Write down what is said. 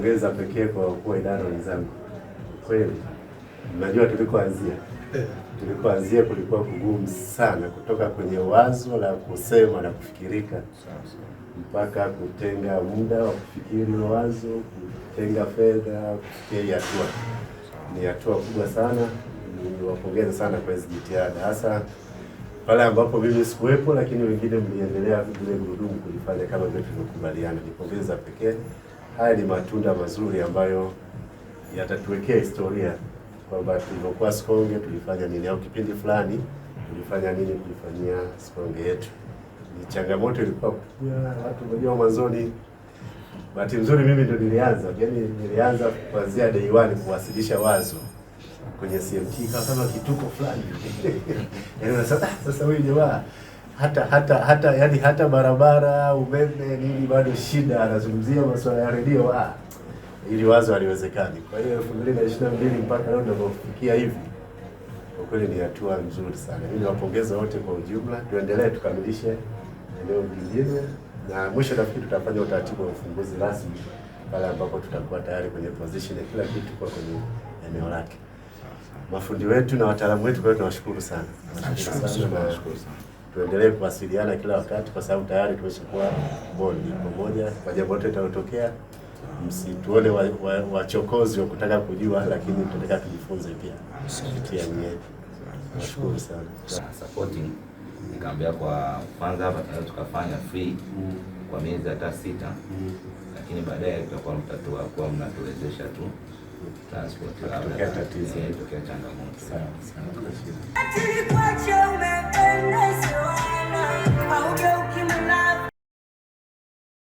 pongeza pekee kwa kuwa idara wenzangu. Kweli najua tulikoanzia, eh. tulikoanzia kulikuwa kugumu sana, kutoka kwenye wazo la kusema na kufikirika mpaka kutenga muda wa kufikiri wazo, kutenga fedha, kufikia hatua. Ni hatua kubwa sana, niwapongeze sana kwa hizo jitihada, hasa pale ambapo mimi sikuwepo, lakini wengine mliendelea vile gurudumu kulifanya kama vile tulivyokubaliana. Nipongeza pekee haya ni matunda mazuri ambayo yatatuwekea historia kwamba tulivyokuwa Sikonge tulifanya nini, au kipindi fulani tulifanya nini kulifanyia Sikonge yetu. Ni changamoto ilikuwa kubwa, watu unajua, mwanzoni bahati nzuri mimi ndo nilianza, yaani nilianza kuanzia day one kuwasilisha wazo kwenye CMT kama kituko fulani yaani ah, sasa huyu jamaa hata hata hata yani hata barabara, umeme, nini bado shida. Anazungumzia masuala ya redio, ah, ili wazo aliwezekani. Kwa hiyo 2022 mpaka leo tunapofikia hivi, kwa kweli ni hatua nzuri sana. Mimi nawapongeza wote kwa ujumla, tuendelee tukamilishe eneo jingine, na mwisho nafikiri tutafanya utaratibu wa ufunguzi rasmi pale ambapo tutakuwa tayari kwenye position ya kila kitu kwa kwenye eneo lake. Mafundi wetu na wataalamu wetu, kwa hiyo tunawashukuru sana. Tunashukuru sana tuendelee kuwasiliana kila wakati, kwa sababu tayari tumeshakuwa bondi pamoja. Kwa jambo lote litalotokea, msituone wachokozi wa, wa, wa kutaka kujua, lakini tunataka tujifunze pia kupitia nyinyi. Nashukuru sana supporting nikaambia kwa kwanza hapa tunaweza tukafanya free mm. kwa miezi hata sita mm. lakini baadaye tutakuwa mtatua kwa mnatuwezesha tu transport labda tatizo tokea changamoto.